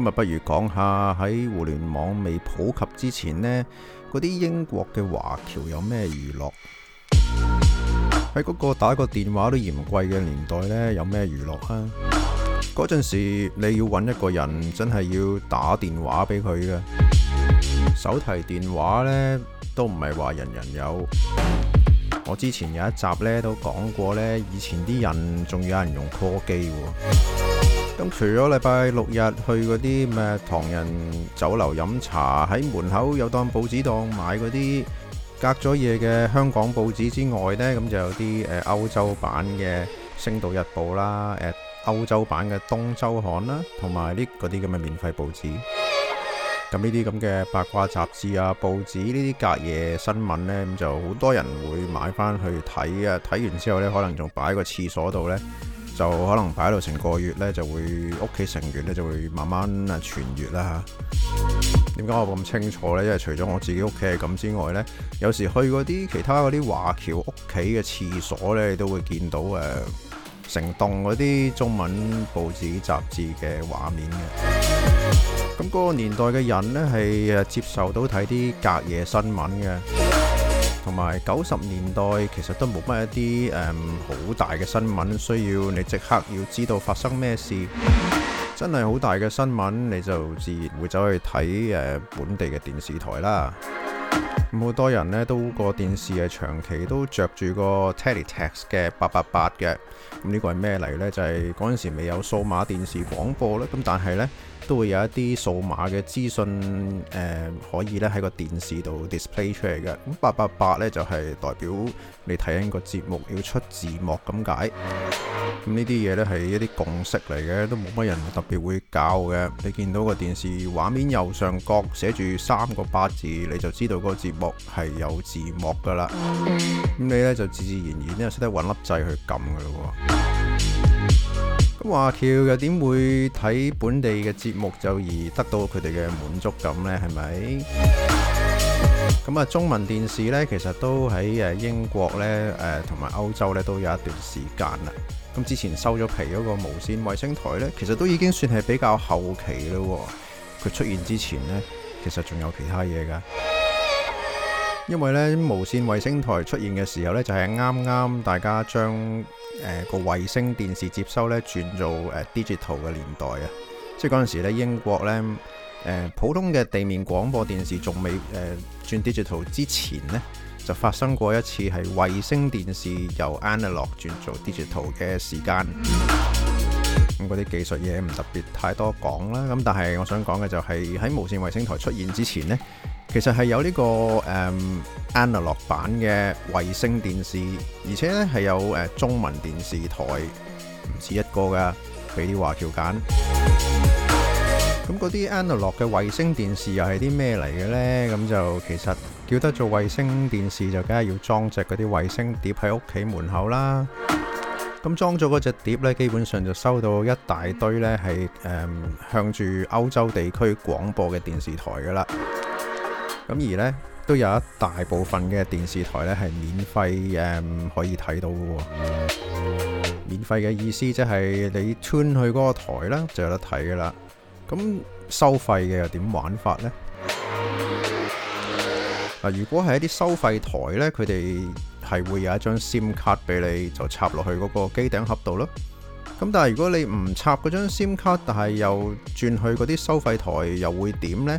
今日不如講下喺互聯網未普及之前呢，嗰啲英國嘅華僑有咩娛樂？喺嗰個打個電話都嫌貴嘅年代呢，有咩娛樂啊？嗰陣時你要揾一個人，真係要打電話俾佢㗎，手提電話呢，都唔係話人人有。我之前有一集呢，都講過呢，以前啲人仲有人用 call 機。咁除咗禮拜六日去嗰啲咩唐人酒樓飲茶，喺門口有檔報紙檔買嗰啲隔咗夜嘅香港報紙之外呢，咁就有啲誒歐洲版嘅《星島日報》啦，誒歐洲版嘅《東周刊》啦，同埋啲嗰啲咁嘅免費報紙。咁呢啲咁嘅八卦雜誌啊、報紙呢啲隔夜新聞呢，咁就好多人會買翻去睇啊。睇完之後呢，可能仲擺喺個廁所度呢。就可能擺到成個月呢，就會屋企成員呢，就會慢慢傳閱啊傳閱啦嚇。點解我咁清楚呢？因為除咗我自己屋企係咁之外呢，有時去嗰啲其他嗰啲華僑屋企嘅廁所呢，你都會見到誒、啊、成棟嗰啲中文報紙雜誌嘅畫面嘅。咁嗰個年代嘅人呢，係誒接受到睇啲隔夜新聞嘅。同埋九十年代，其實都冇乜一啲誒好大嘅新聞，需要你即刻要知道發生咩事。真係好大嘅新聞，你就自然會走去睇誒本地嘅電視台啦。咁好多人呢，都個電視係長期都着住個 Teletext 嘅八八八嘅。咁呢個係咩嚟呢？就係嗰陣時未有數碼電視廣播咧。咁但係呢。都會有一啲數碼嘅資訊誒，可以咧喺個電視度 display 出嚟嘅。咁八八八咧就係代表你睇緊個節目要出字幕咁解。咁呢啲嘢咧係一啲共識嚟嘅，都冇乜人特別會教嘅。你見到個電視畫面右上角寫住三個八字，你就知道個節目係有字幕㗎啦。咁、嗯嗯、你咧就自自然而然又識得揾粒掣去撳㗎咯。嗯。咁華僑又點會睇本地嘅節目就而得到佢哋嘅滿足感呢？係咪？咁啊，中文電視呢，其實都喺英國呢，呃、同埋歐洲呢，都有一段時間啦。咁之前收咗皮嗰個無線衛星台呢，其實都已經算係比較後期啦喎。佢出現之前呢，其實仲有其他嘢㗎。因為咧，無線衛星台出現嘅時候咧，就係啱啱大家將誒、呃、個衛星電視接收咧轉做誒、呃、digital 嘅年代啊，即係嗰陣時咧英國咧誒、呃、普通嘅地面廣播電視仲未誒轉 digital 之前呢，就發生過一次係衛星電視由 analog 轉做 digital 嘅時間。咁嗰啲技術嘢唔特別太多講啦，咁但係我想講嘅就係喺無線衛星台出現之前呢。其實係有呢、這個誒、嗯、analog 版嘅衛星電視，而且呢係有誒、呃、中文電視台唔止一個噶，俾啲華僑揀。咁嗰啲 analog 嘅衛星電視又係啲咩嚟嘅呢？咁就其實叫得做衛星電視就梗係要裝隻嗰啲衛星碟喺屋企門口啦。咁裝咗嗰隻碟呢，基本上就收到一大堆呢係誒、嗯、向住歐洲地區廣播嘅電視台噶啦。咁而呢，都有一大部分嘅電視台呢係免費誒、um, 可以睇到嘅喎。免費嘅意思即係你穿去嗰個台呢就有得睇嘅啦。咁收費嘅又點玩法呢？嗱，如果係一啲收費台呢，佢哋係會有一張 SIM 卡俾你，就插落去嗰個機頂盒度咯。咁但係如果你唔插嗰張 SIM 卡，但係又轉去嗰啲收費台，又會點呢？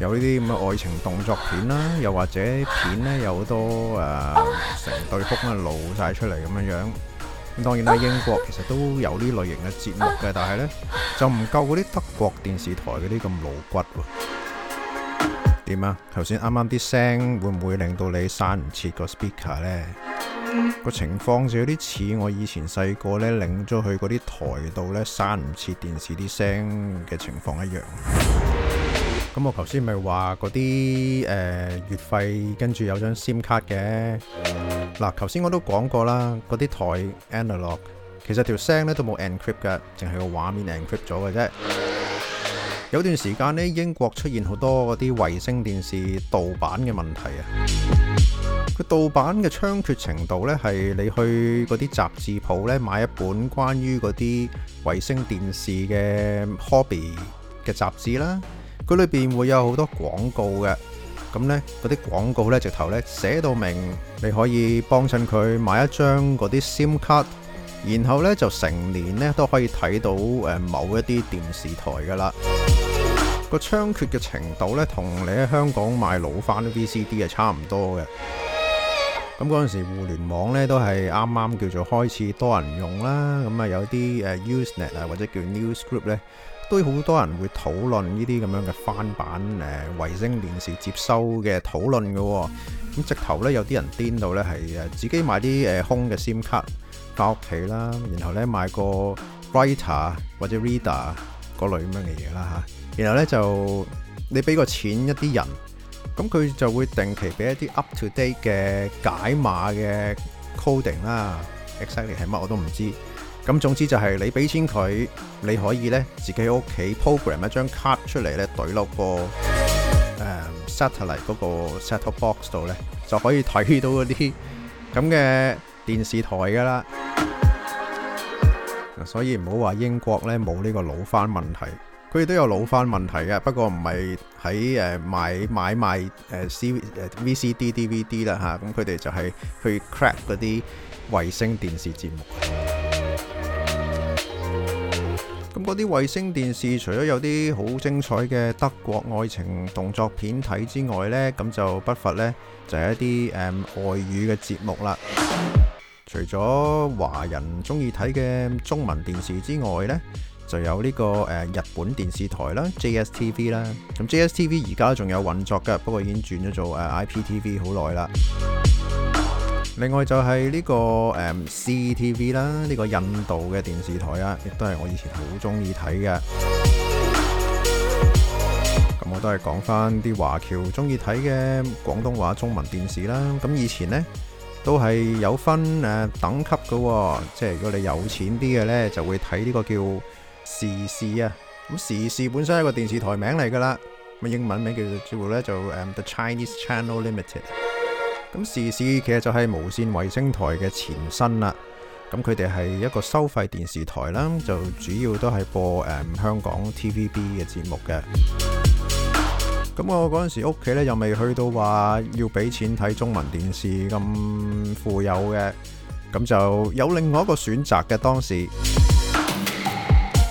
有呢啲咁嘅愛情動作片啦，又或者片呢，有好多誒成對幅啊露晒出嚟咁樣樣。咁當然咧，英國其實都有呢類型嘅節目嘅，但係呢，就唔夠嗰啲德國電視台嗰啲咁露骨喎。點啊？頭先啱啱啲聲會唔會令到你刪唔切個 speaker 咧？個情況就有啲似我以前細個呢，領咗去嗰啲台度呢，刪唔切電視啲聲嘅情況一樣。咁我頭先咪話嗰啲誒月費跟住有張 SIM 卡嘅嗱，頭先我都講過啦，嗰啲台 analogue 其實條聲咧都冇 encrypt 嘅，淨係個畫面 encrypt 咗嘅啫。有段時間呢，英國出現好多嗰啲衛星電視盜版嘅問題啊。佢盜版嘅猖獗程度呢，係你去嗰啲雜誌鋪咧買一本關於嗰啲衛星電視嘅 hobby 嘅雜誌啦。佢裏邊會有好多廣告嘅，咁呢，嗰啲廣告呢，直頭呢寫到明，你可以幫襯佢買一張嗰啲 SIM 卡，然後呢，就成年呢都可以睇到誒某一啲電視台噶啦。 個猖獗嘅程度呢，同你喺香港買老翻啲 VCD 係差唔多嘅。咁嗰陣時互聯網呢，都係啱啱叫做開始多人用啦，咁啊有啲誒 Usenet 啊或者叫 News Group 呢。都好多人會討論呢啲咁樣嘅翻版誒衛星電視接收嘅討論嘅。哦，咁直頭呢，有啲人癲到呢係誒自己買啲誒、呃、空嘅 SIM 卡翻屋企啦，然後呢買個 writer 或者 reader 嗰類咁樣嘅嘢啦吓，然後呢，就你俾個錢一啲人，咁佢就會定期俾一啲 up to date 嘅解碼嘅 coding 啦 exactly 係乜我都唔知道。咁總之就係你俾錢佢，你可以咧自己屋企 program 一張卡出嚟咧，對落個、嗯、satellite 嗰個 satellite box 度咧，就可以睇到嗰啲咁嘅電視台噶啦。所以唔好話英國咧冇呢個老翻問題，佢哋都有老翻問題㗎。不過唔係喺誒買買賣 C VCD DVD 啦、啊、嚇，咁佢哋就係去 crack 嗰啲衛星電視節目。咁嗰啲衛星電視，除咗有啲好精彩嘅德國愛情動作片睇之外呢，咁就不乏呢就係、是、一啲誒、嗯、外語嘅節目啦。 除咗華人中意睇嘅中文電視之外呢，就有呢、這個誒、呃、日本電視台啦 （JSTV） 啦。咁 JSTV 而家仲有運作㗎，不過已經轉咗做誒 IPTV 好耐啦。另外就係呢、這個誒、um, CTV 啦，呢、這個印度嘅電視台啊，亦都係我以前好中意睇嘅。咁我都係講翻啲華僑中意睇嘅廣東話中文電視啦。咁以前呢，都係有分誒、uh, 等級嘅、啊，即係如果你有錢啲嘅呢，就會睇呢個叫時事啊。咁時事本身係一個電視台名嚟噶啦，英文名叫做做就、um, The Chinese Channel Limited。咁時事其實就係無綫衛星台嘅前身啦。咁佢哋係一個收費電視台啦，就主要都係播誒、嗯、香港 TVB 嘅節目嘅。咁我嗰陣時屋企咧又未去到話要俾錢睇中文電視咁富有嘅，咁就有另外一個選擇嘅當時。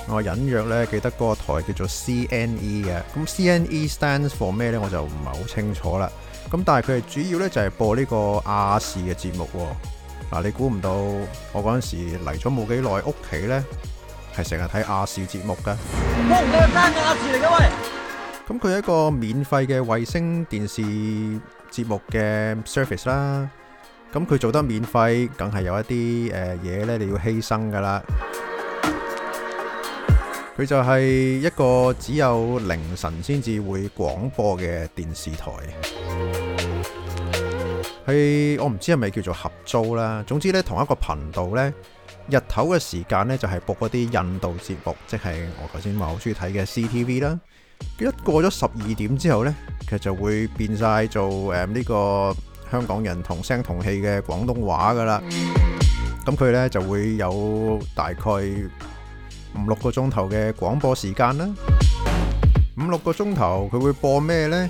我隱約咧記得嗰個台叫做 CNE 嘅，咁 CNE stands for 咩呢？我就唔係好清楚啦。咁但係佢係主要呢就係播呢個亞視嘅節目嗱。你估唔到我嗰陣時嚟咗冇幾耐，屋企呢，係成日睇亞視節目噶。我唔係咁佢一個免費嘅衛星電視節目嘅 service 啦。咁佢做得免費，梗係有一啲誒嘢，呢你要犧牲噶啦。佢就係一個只有凌晨先至會廣播嘅電視台。係我唔知係咪叫做合租啦，總之咧，同一個頻道咧，日頭嘅時間咧就係播嗰啲印度節目，即係我頭先話好中意睇嘅 CTV 啦。一過咗十二點之後咧，佢就會變晒做誒，呢個香港人同聲同氣嘅廣東話噶啦。咁佢咧就會有大概五六個鐘頭嘅廣播時間啦。五六個鐘頭佢會播咩咧？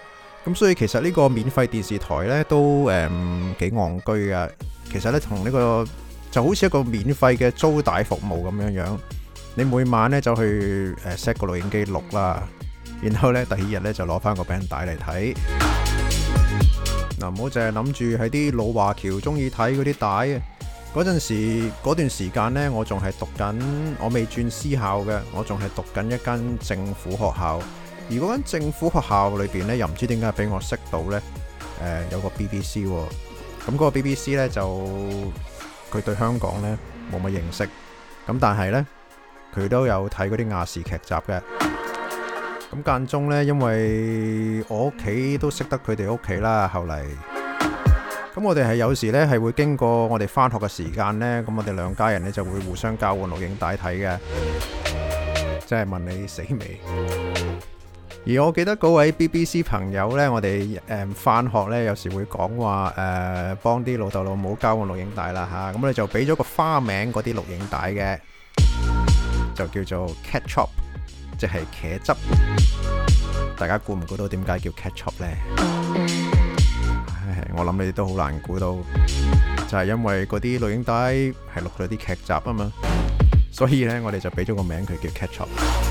咁所以其實呢個免費電視台呢都誒幾昂居嘅。其實呢，同呢、這個就好似一個免費嘅租帶服務咁樣樣。你每晚呢就去誒 set、呃、個錄影機錄啦，然後呢第二日呢就攞翻個 b a 帶嚟睇。嗱，唔好淨係諗住喺啲老華僑中意睇嗰啲帶啊！嗰陣時嗰段時間呢，我仲係讀緊，我未轉私校嘅，我仲係讀緊一間政府學校。如果喺政府學校裏邊咧，又唔知點解俾我識到咧，誒，有個 BBC 喎，咁嗰個 BBC 咧就佢對香港咧冇乜認識，咁但係咧佢都有睇嗰啲亞視劇集嘅。咁間中咧，因為我屋企都識得佢哋屋企啦，後嚟咁我哋係有時咧係會經過我哋返學嘅時間咧，咁我哋兩家人咧就會互相交換錄影帶睇嘅，即係問你死未？而我記得嗰位 BBC 朋友呢，我哋誒返學呢，有時會講話誒幫啲老豆老母交個錄影帶啦吓，咁、啊、你就俾咗個花名嗰啲錄影帶嘅，就叫做 catch up 即係茄汁。大家估唔估到點解叫 catch up 呢？我諗你哋都好難估到，就係、是、因為嗰啲錄影帶係錄咗啲劇集啊嘛，所以呢，我哋就俾咗個名佢叫 catch up。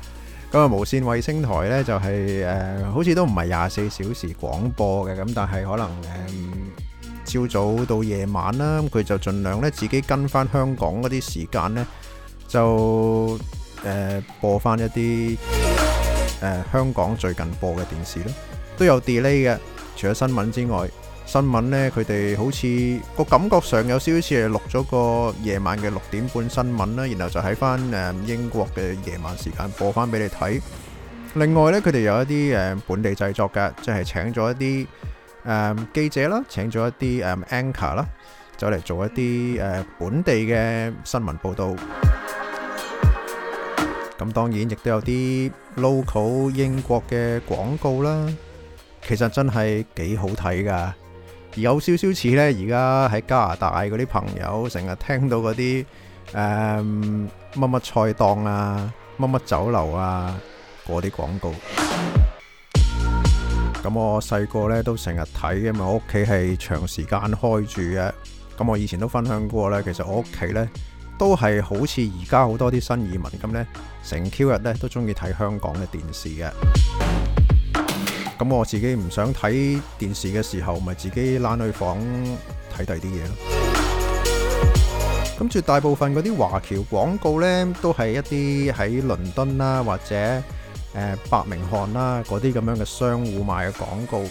咁啊，無線衛星台呢就係誒，好似都唔係廿四小時廣播嘅，咁但係可能誒，朝早到夜晚啦，咁佢就盡量咧自己跟翻香港嗰啲時間呢，就誒播翻一啲誒香港最近播嘅電視囉，都有 delay 嘅，除咗新聞之外。新聞呢，佢哋好似個感覺上有少少似係錄咗個夜晚嘅六點半新聞啦，然後就喺翻誒英國嘅夜晚時間播翻俾你睇。另外呢，佢哋有一啲誒本地製作嘅，即係請咗一啲誒記者啦，請咗一啲誒 anchor 啦，就嚟做一啲誒本地嘅新聞報導。咁當然亦都有啲 local 英國嘅廣告啦，其實真係幾好睇噶～有少少似呢。而家喺加拿大嗰啲朋友成日聽到嗰啲誒乜乜菜檔啊、乜乜酒樓啊嗰啲廣告。咁我細個呢都成日睇，因為我屋企係長時間開住嘅。咁我以前都分享過呢，其實我屋企呢都係好似而家好多啲新移民咁呢，成 Q 日呢都中意睇香港嘅電視嘅。咁我自己唔想睇電視嘅時候，咪自己攔去房睇第啲嘢咯。咁絕大部分嗰啲華僑廣告咧，都係一啲喺倫敦啦，或者誒伯明翰啦嗰啲咁樣嘅商戶賣嘅廣告。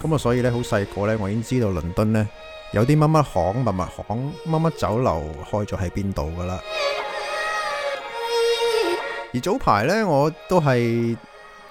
咁啊，所以咧好細個咧，我已經知道倫敦咧有啲乜乜行、密密行、乜乜酒樓開咗喺邊度噶啦。而早排咧，我都係。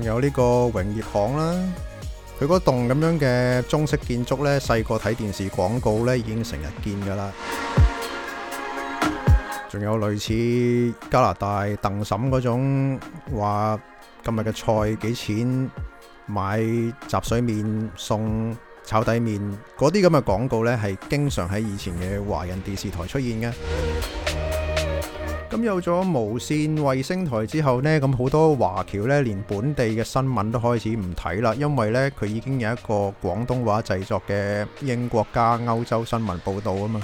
仲有呢個榮業行啦，佢嗰棟咁樣嘅中式建築呢，細個睇電視廣告呢已經成日見噶啦。仲有類似加拿大鄧嬸嗰種話今日嘅菜幾錢，買雜碎麵送炒底麵嗰啲咁嘅廣告呢，係經常喺以前嘅華人電視台出現嘅。咁有咗無線衛星台之後呢，咁好多華僑呢，連本地嘅新聞都開始唔睇啦，因為呢，佢已經有一個廣東話製作嘅英國加歐洲新聞報導啊嘛。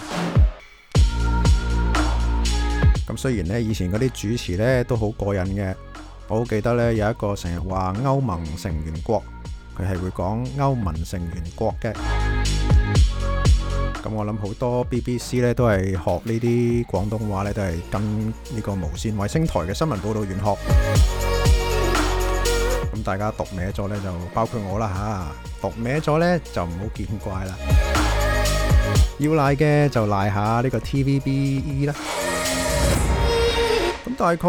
咁 雖然呢，以前嗰啲主持呢都好過癮嘅，我好記得呢，有一個成日話歐盟成員國，佢係會講歐盟成員國嘅。咁我諗好多 BBC 咧，都係學呢啲廣東話咧，都係跟呢個無綫衛星台嘅新聞報道員學。咁大家讀歪咗呢，就包括我啦吓。讀歪咗呢，就唔好見怪啦。要賴嘅就賴下呢個 TVB 啦。咁大概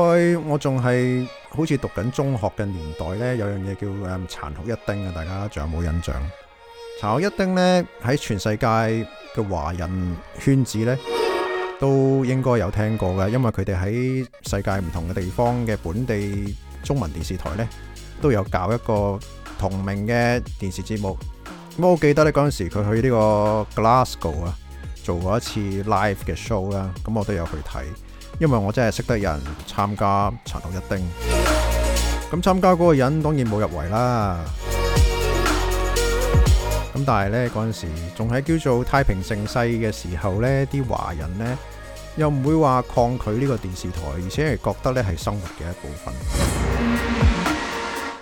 我仲係好似讀緊中學嘅年代呢，有樣嘢叫誒殘酷一丁啊！大家仲有冇印象？殘酷一丁呢，喺全世界。嘅華人圈子呢，都應該有聽過嘅，因為佢哋喺世界唔同嘅地方嘅本地中文電視台呢，都有搞一個同名嘅電視節目。咁我記得咧，嗰陣時佢去呢個 Glasgow 啊，做過一次 live 嘅 show 啦，咁我都有去睇，因為我真係識得人參加殘酷一丁。咁參加嗰個人當然冇入圍啦。但係咧嗰陣時仲係叫做太平盛世嘅時候，呢啲華人呢又唔會話抗拒呢個電視台，而且係覺得呢係生活嘅一部分。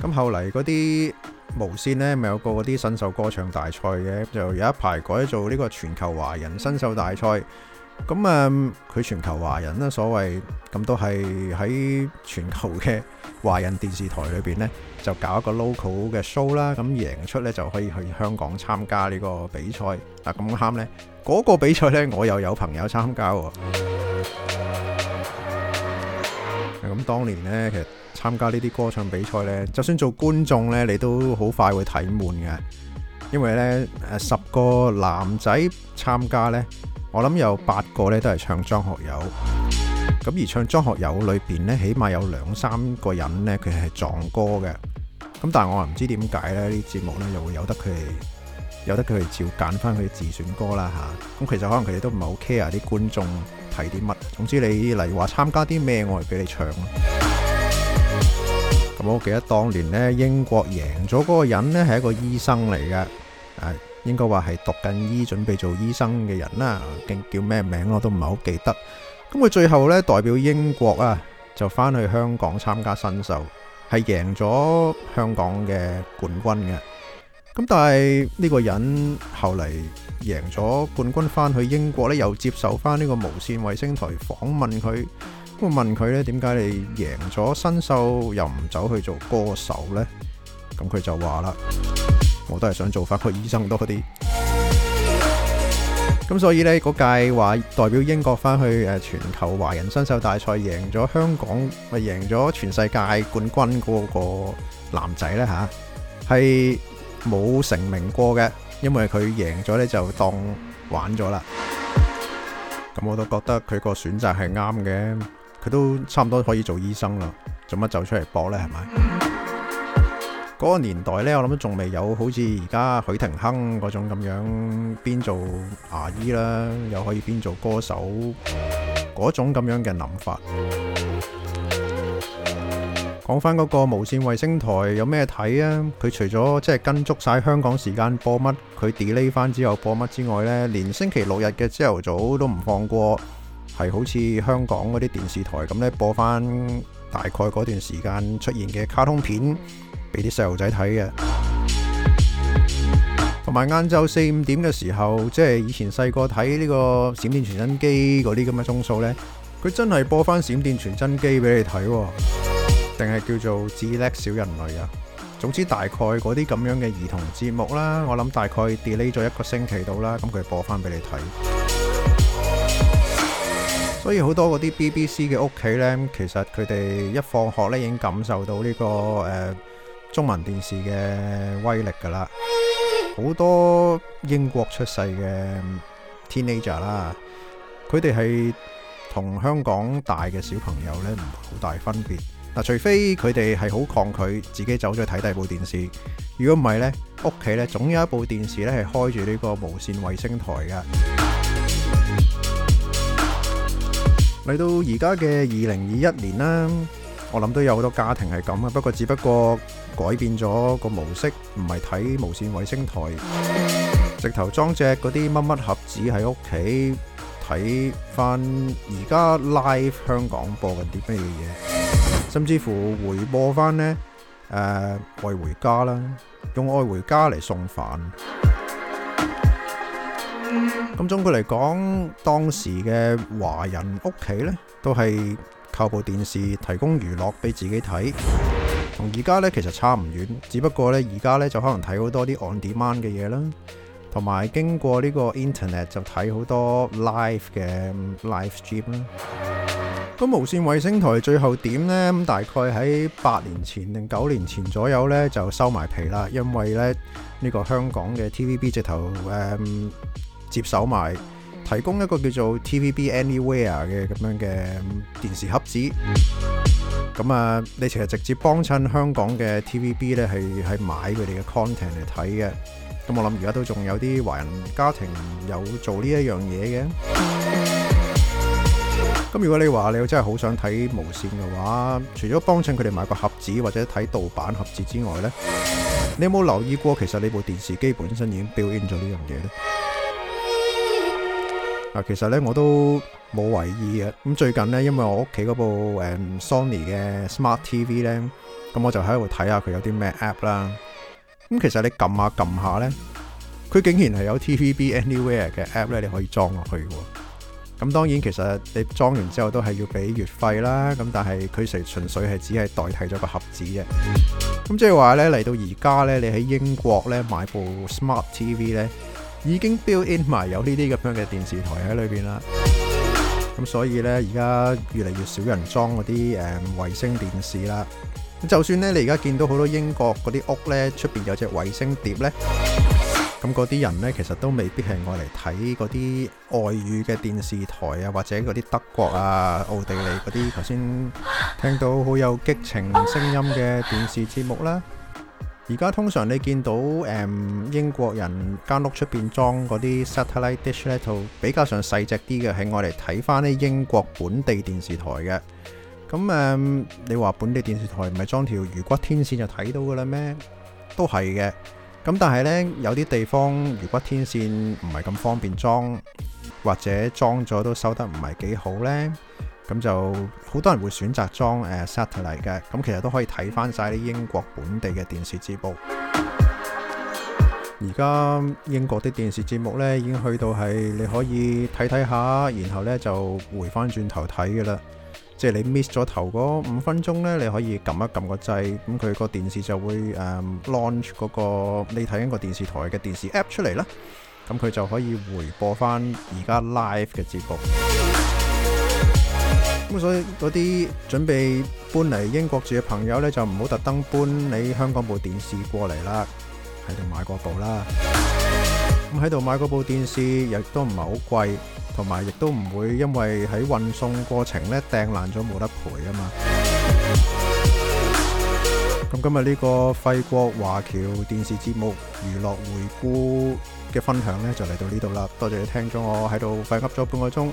咁後嚟嗰啲無綫呢咪有個嗰啲新秀歌唱大賽嘅，就有一排改做呢個全球華人新秀大賽。咁佢、嗯、全球華人啦，所謂咁都係喺全球嘅華人電視台裏邊呢，就搞一個 local 嘅 show 啦，咁贏出呢，就可以去香港參加呢個比賽。嗱，咁啱呢，嗰個比賽呢，我又有朋友參加喎。咁當年呢，其實參加呢啲歌唱比賽呢，就算做觀眾呢，你都好快會睇悶嘅，因為呢，誒，十個男仔參加呢。我諗有八個咧都係唱張學友，咁而唱張學友裏邊呢，起碼有兩三個人呢，佢係撞歌嘅。咁但係我唔知點解呢啲節目呢，又會由得佢，由得佢哋照揀翻佢自選歌啦吓，咁其實可能佢哋都唔係好 care 啲觀眾睇啲乜，總之你例如話參加啲咩我係俾你唱，咁我記得當年呢，英國贏咗嗰個人呢，係一個醫生嚟嘅，應該話係讀緊醫，準備做醫生嘅人啦，叫叫咩名我都唔係好記得。咁佢最後呢，代表英國啊，就翻去香港參加新秀，係贏咗香港嘅冠軍嘅。咁但係呢個人後嚟贏咗冠軍，翻去英國呢，又接受翻呢個無線衛星台訪問佢，咁問佢呢，點解你贏咗新秀又唔走去做歌手呢？咁佢就話啦。我都係想做翻個醫生多啲，咁所以呢，嗰屆話代表英國翻去誒全球華人新秀大賽，贏咗香港咪贏咗全世界冠軍嗰個男仔呢。吓、啊，係冇成名過嘅，因為佢贏咗呢就當玩咗啦。咁我都覺得佢個選擇係啱嘅，佢都差唔多可以做醫生啦，做乜走出嚟搏呢？係咪？嗯嗰個年代呢，我諗都仲未有好似而家許廷鏗嗰種咁樣邊做牙醫啦，又可以邊做歌手嗰種咁樣嘅諗法。講翻嗰個無線衛星台有咩睇啊？佢除咗即係跟足晒香港時間播乜，佢 delay 翻之後播乜之外呢，連星期六日嘅朝頭早都唔放過，係好似香港嗰啲電視台咁呢，播翻大概嗰段時間出現嘅卡通片。俾啲細路仔睇嘅，同埋晏晝四五點嘅時候，即係以前細個睇呢個《閃電傳真機》嗰啲咁嘅鐘數呢，佢真係播翻《閃電傳真機》俾你睇啊，定係叫做《智叻小人類》啊！總之大概嗰啲咁樣嘅兒童節目啦，我諗大概 delay 咗一個星期到啦，咁佢播翻俾你睇。所以好多嗰啲 BBC 嘅屋企呢，其實佢哋一放學呢已經感受到呢、呢個、呃中文電視嘅威力噶啦，好多英國出世嘅 Teenager 啦，佢哋係同香港大嘅小朋友呢，唔係好大分別。嗱，除非佢哋係好抗拒自己走咗去睇第二部電視。如果唔係呢屋企呢，總有一部電視呢係開住呢個無線衛星台嘅。嚟到而家嘅二零二一年啦，我諗都有好多家庭係咁啊。不過，只不過，改變咗個模式，唔係睇無線衛星台，直頭裝隻嗰啲乜乜盒子喺屋企睇翻而家 live 香港播緊啲咩嘢，甚至乎回播翻呢，誒愛回家啦，用愛回家嚟餸飯。咁總括嚟講，當時嘅華人屋企呢，都係靠部電視提供娛樂俾自己睇。同而家咧，其實差唔遠，只不過咧，而家咧就可能睇好多啲 on demand 嘅嘢啦，同埋經過呢個 internet 就睇好多 live 嘅 live stream 啦。咁無綫衛星台最後點呢？大概喺八年前定九年前左右呢，就收埋皮啦，因為呢個香港嘅 TVB 直頭誒、嗯、接手埋，提供一個叫做 TVB Anywhere 嘅咁樣嘅電視盒子。咁啊，你其實直接幫襯香港嘅 TVB 咧，係係買佢哋嘅 content 嚟睇嘅。咁我諗而家都仲有啲華人家庭有做呢一樣嘢嘅。咁如果你話你真係好想睇無線嘅話，除咗幫襯佢哋買個盒子或者睇盜版盒子之外呢，你有冇留意過其實你部電視機本身已經 build in 咗呢樣嘢呢？嗱，其實咧我都冇為意嘅。咁最近咧，因為我屋企嗰部誒 Sony 嘅 Smart TV 咧，咁我就喺度睇下佢有啲咩 app 啦。咁其實你撳下撳下咧，佢竟然係有 TVB Anywhere 嘅 app 咧，你可以裝落去嘅。咁當然其實你裝完之後都係要俾月費啦。咁但係佢純純粹係只係代替咗個盒子嘅。咁即係話咧，嚟到而家咧，你喺英國咧買部 Smart TV 咧。已經 build in 埋有呢啲咁樣嘅電視台喺裏邊啦，咁所以呢，而家越嚟越少人裝嗰啲誒衛星電視啦。就算呢，你而家見到好多英國嗰啲屋呢，出邊有隻衛星碟呢，咁嗰啲人呢，其實都未必係愛嚟睇嗰啲外語嘅電視台啊，或者嗰啲德國啊、奧地利嗰啲頭先聽到好有激情聲音嘅電視節目啦。而家通常你見到誒、嗯、英國人間屋出邊裝嗰啲 satellite dish 咧，就比較上細隻啲嘅，係我哋睇翻呢英國本地電視台嘅。咁誒、嗯，你話本地電視台唔係裝條魚骨天線就睇到㗎啦咩？都係嘅。咁但係呢，有啲地方魚骨天線唔係咁方便裝，或者裝咗都收得唔係幾好呢。咁就好多人會選擇裝誒 sat 嚟嘅，咁、uh, 其實都可以睇翻晒啲英國本地嘅電視節目。而家英國啲電視節目呢已經去到係你可以睇睇下，然後呢就回翻轉頭睇嘅啦。即、就、係、是、你 miss 咗頭嗰五分鐘呢，你可以撳一撳個掣，咁佢個電視就會誒、um, launch 嗰個你睇緊個電視台嘅電視 app 出嚟啦。咁佢就可以回播翻而家 live 嘅節目。咁所以嗰啲準備搬嚟英國住嘅朋友呢，就唔好特登搬你香港部電視過嚟啦，喺度買嗰部啦。咁喺度買嗰部電視亦都唔係好貴，同埋亦都唔會因為喺運送過程呢掟爛咗冇得賠啊嘛。咁今日呢個廢國華僑電視節目娛樂回顧嘅分享呢，就嚟到呢度啦。多謝你聽咗，我喺度廢噏咗半個鐘，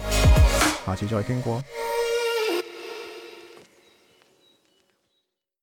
下次再傾過。